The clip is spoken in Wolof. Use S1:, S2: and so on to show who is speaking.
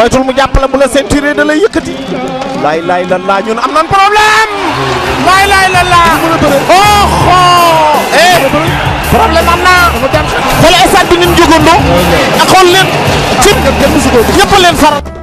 S1: moytul mu jàpp bu la ceinture da lay yëkkati. laay laay la laa ñun am
S2: nan problème. laay laay la
S3: laa. oh xoo. Eh, problème am na. xool stade bi ñun jógandoo. ak xool leen. cib ñëpp leen faral.